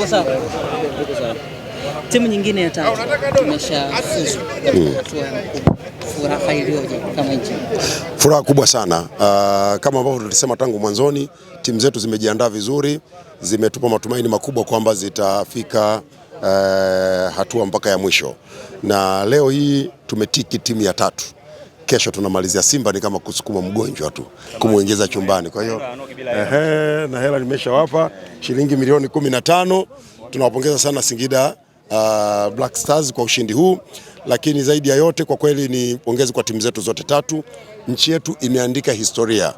Tuko sawa, tuko sawa. Timu nyingine ya tatu tumeshafuzu hatua ya Furaha iliyoje kama nchi? Furaha kubwa sana. Uh, kama ambavyo tulisema tangu mwanzoni, timu zetu zimejiandaa vizuri, zimetupa matumaini makubwa kwamba zitafika uh, hatua mpaka ya mwisho, na leo hii tumetiki timu ya tatu kesho tunamalizia Simba ni kama kusukuma mgonjwa tu kumuingiza chumbani. Kwa hiyo ehe, na hela nimeshawapa shilingi milioni kumi na tano. Tunawapongeza sana Singida Uh, Black Stars kwa ushindi huu, lakini zaidi ya yote kwa kweli ni pongezi kwa timu zetu zote tatu. Nchi yetu imeandika historia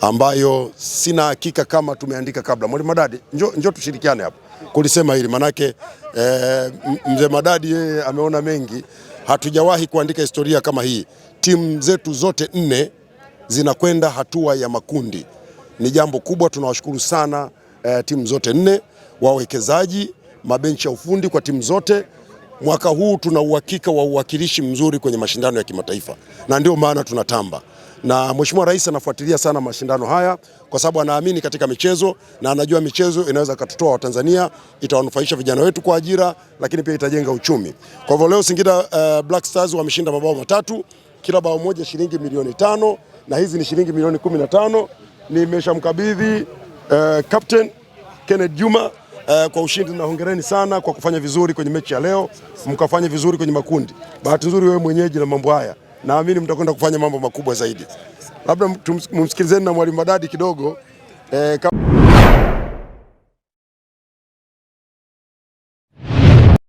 ambayo sina hakika kama tumeandika kabla. Mwalimu Madadi, njoo njoo tushirikiane hapa kulisema hili manake, eh, mzee Madadi yeye ameona mengi. Hatujawahi kuandika historia kama hii, timu zetu zote nne zinakwenda hatua ya makundi. Ni jambo kubwa, tunawashukuru sana eh, timu zote nne, wawekezaji, mabenchi ya ufundi kwa timu zote. Mwaka huu tuna uhakika wa uwakilishi mzuri kwenye mashindano ya kimataifa na ndio maana tunatamba na Mheshimiwa Rais anafuatilia sana mashindano haya kwa sababu anaamini katika michezo na anajua michezo inaweza katutoa Watanzania, itawanufaisha vijana wetu kwa ajira, lakini pia itajenga uchumi. Kwa hivyo leo Singida uh, Black Stars wameshinda mabao matatu, kila bao moja shilingi milioni tano na hizi ni shilingi milioni kumi na tano. Nimeshamkabidhi eh, captain Kenneth Juma Uh, kwa ushindi na hongereni sana kwa kufanya vizuri kwenye mechi ya leo, mkafanya vizuri kwenye makundi. Bahati nzuri wewe mwenyeji na mambo haya naamini mtakwenda kufanya mambo makubwa zaidi. Labda tumsikilizeni na mwalimu Madadi kidogo eh, kama...